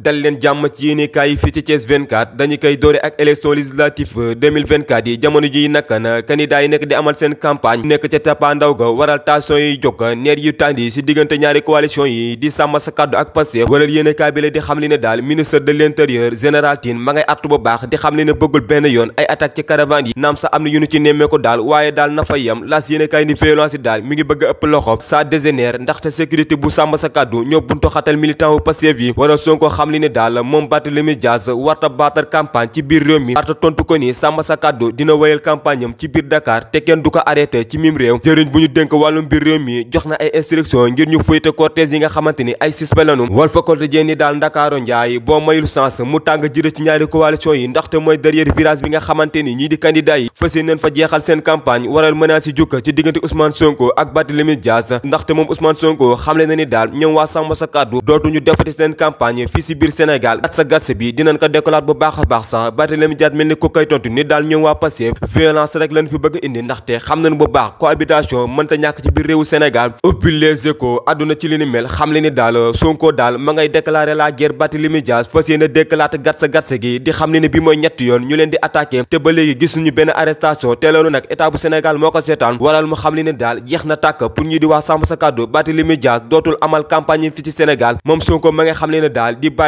dal leen jàmm ci yéenekaay yi fii ci Thiès 24 dañu koy doore ak élection législative 2024 yi jamono ji nakana candidat yi nekk di amal seen campagne nekk ca tappaandaw ga waral tension yi jóg neer yu tàndi si diggante ñaari coalition yi di sàmm sa kàddu ak Pastef waral yéenekaay bi la di xam li ne daal ministre de l'intérieur général Tine ma ngay artu bu baax di xam li ne bëggul benn yoon ay attaque ci caravane yi naam sax am na yu nu ci nemmee ko daal waaye daal na fa a ëpp loxo ça dégénère ndaxte bu sàmm sa kàddu ñoo buntu xatal militant wu xam li ne daal moom Barthélémy Dias warta baatar campagne ci biir réew mi warta tontu ko ni sàmm sa kàddu dina wéyal campagne ci biir Dakar te kenn du ko arrêté ci mim réew jëriñ bu ñu dénk wàllum biir réew mi jox na ay instruction ngir ñu fuyte cortège yi nga xamante ni ay suspect lañu Walf Quotidien ni daal Ndakaaru Njaay boo mayul sens mu tàng jërë ci ñaari coalition yi ndaxte mooy derrière virage bi nga xamante ni ñii di candidat yi fa seen campagne waral menace biir Sénégal gat sa gatsa bi dinañ ko dékalaat bu baax a baax sax Barthélémy Dias mel ni ku koy tontu ni daal ñoom waa Pastef violence rek lañ fi bëgg indi ndaxte xam nañ bu baax cohabitation mënta ñàkk ci biir réewu Sénégal ubbi les échos àdduna ci li ni mel xam le ni daal Sonko daal ma ngay déclarer la guerre Barthélémy Dias fas yéene dékalaat gat sa gatsa gi di xam ne ni bi mooy ñetti yoon ñu leen di attaqué te ba léegi gisuñu benn arrestation te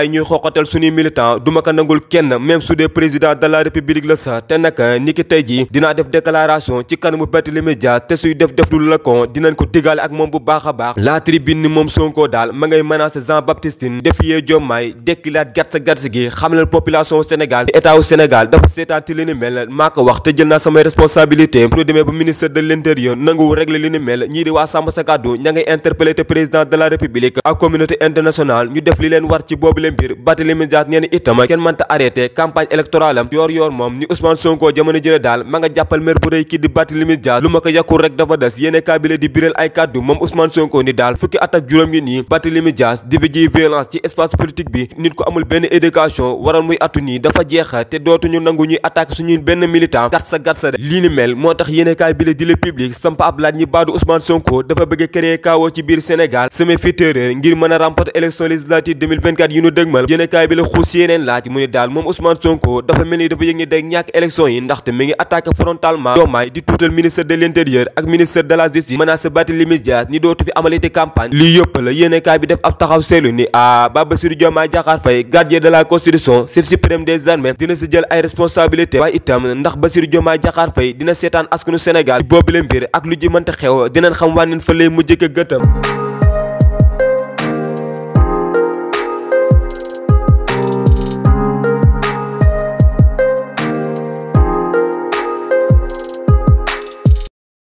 yi ñuy xooqatal suñuy militant du ma ko nangul kenn même su dee président de la république la sax te nag ni ki tey ji dinaa def déclaration ci kanamu Barthélémy Dias te suy def def dul la kon ko digaale ak moom bu baax a baax la tribune ni moom Sonko daal ma ngay menacé Jean Baptiste Tine defiyee Diomaye dekkilaat gatsa gatsa gi xamlal population Sénégal état wu Sénégal dafa seetaanti li ni mel maa ko wax te jël naa samay responsabilité pour demee mbir Barthélémy Dias nee na itam kenn mënta arrêté campagne électorale yoor yoor moom ni Ousmane Sonko jamono jële daal ma nga jàppal mer bu rëy kii di Barthélémy Dias lu ma ko yàkkul rek dafa des yéene di biral ay kàddu moom Ousmane Sonko ni daal fukki at juróom yi nii Barthélémy Dias di fi jiy violence ci espace politique bi nit ko amul benn éducation waral muy atu nii dafa jeexa te dootuñu nangu ñuy attaque suñuy benn militant gatsa a dëgmal yéenekaay bi la xuus yeneen laaj mu ne daal moom Ousmane Sonko dafa mel ni dafa yëg ni day ñàkk élection yi ndaxte mi ngi attaqué frontalement Diomaye di tuutal ministre de l'intérieur ak ministre de la justice menacé Barthélémy Dias ni dootu fi amalati campagne lii yëpp la yéenekaay bi def ab taxaw seetlu ni ah ba Bassirou Diomaye Diakhar Faye gardien de la constitution chef suprême des armées dina si jël ay responsabilité waaye itam ndax Bassirou Diomaye a